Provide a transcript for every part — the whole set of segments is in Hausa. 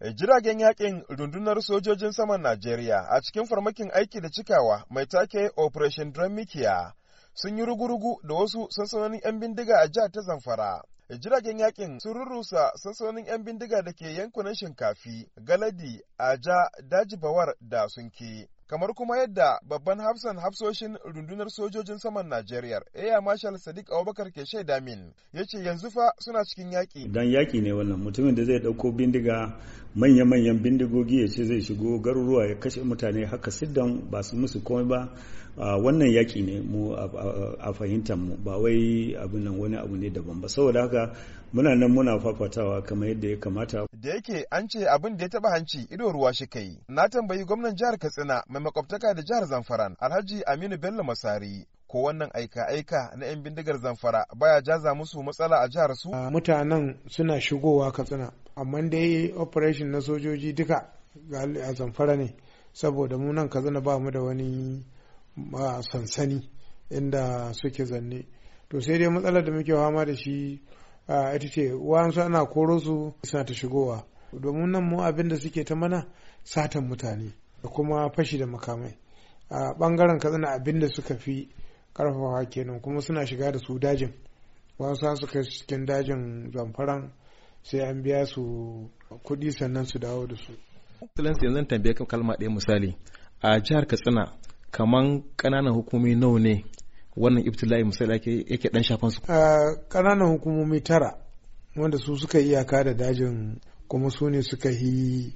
Eh, jiragen yakin rundunar sojojin saman Najeriya a cikin farmakin aiki da cikawa mai take Operation Dramikia sun yi rugurugu da wasu sansanonin 'yan bindiga a jihar ta Zamfara. Eh, jiragen yakin sun rurrusa sansanonin 'yan bindiga da ke yankunan shinkafi, galadi, aja, bawar da sunki. kamar kuma yadda babban hafsan hafsoshin rundunar sojojin saman Najeriya Air Marshal Sadiq Abubakar ke shaida min ya ce yanzu fa suna cikin yaƙi. Dan yaƙi ne wannan mutumin da zai ɗauko bindiga manya-manyan bindigogi ya ce zai shigo garuruwa ya kashe mutane haka siddan ba su musu komai ba wannan yaƙi ne mu a fahimtar mu ba wai abin nan wani abu ne daban ba saboda haka muna nan muna fafatawa kamar yadda ya kamata. Da yake an ce abin da ya taɓa hanci ido ruwa shi yi. na tambayi gwamnan jihar Katsina mai makwabtaka da jihar Zamfara Alhaji Aminu Bello Masari ko wannan aika-aika na 'yan bindigar zamfara baya jaza musu matsala a jihar su? mutanen suna shigowa katsina amma dai operation na sojoji duka a zamfara ne saboda mu nan katsina ba mu da wani sansani inda suke zanne to sai dai matsalar da muke fama da shi ita ce wa'ansu ana koro su suna ta shigowa domin nan mu abin da suke ta mana satan mutane da kuma fashi da makamai a bangaren katsina abin da suka fi karfafa kenan kuma suna shiga da su dajin wasu su kai cikin dajin zamfaran sai an biya su kudi sannan su dawo da su. Excellency yanzu tambaye ka kalma ɗaya misali a jihar Katsina kaman ƙananan hukumomi nawa ne wannan ibtila'i misali yake dan shafan su. Ƙananan hukumomi tara wanda su suka iyaka da dajin kuma su ne suka yi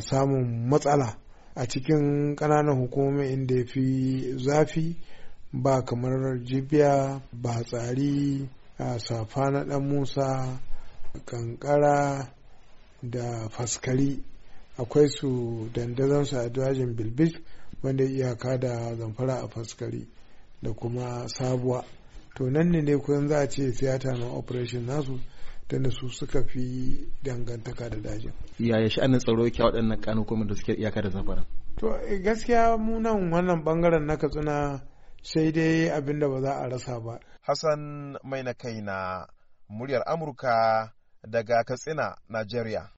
samun matsala a cikin ƙananan hukumomi inda ya fi zafi ba kamar jibiya ba tsari a safa na ɗan musa kankara da faskari akwai su su a dajin bilbis wanda iyaka da zamfara a faskari da kuma sabuwa to nan ne ne kusan za a ce siyata na operation nasu ta nasu suka fi dangantaka da dajin yi sha'anin tsaro yake waɗannan kanukomin da suke iyaka da zafara to eh, gaskiya mu wannan bangaren na katsina sai dai abin da ba za a rasa ba hassan mai na kaina muryar amurka daga katsina najeriya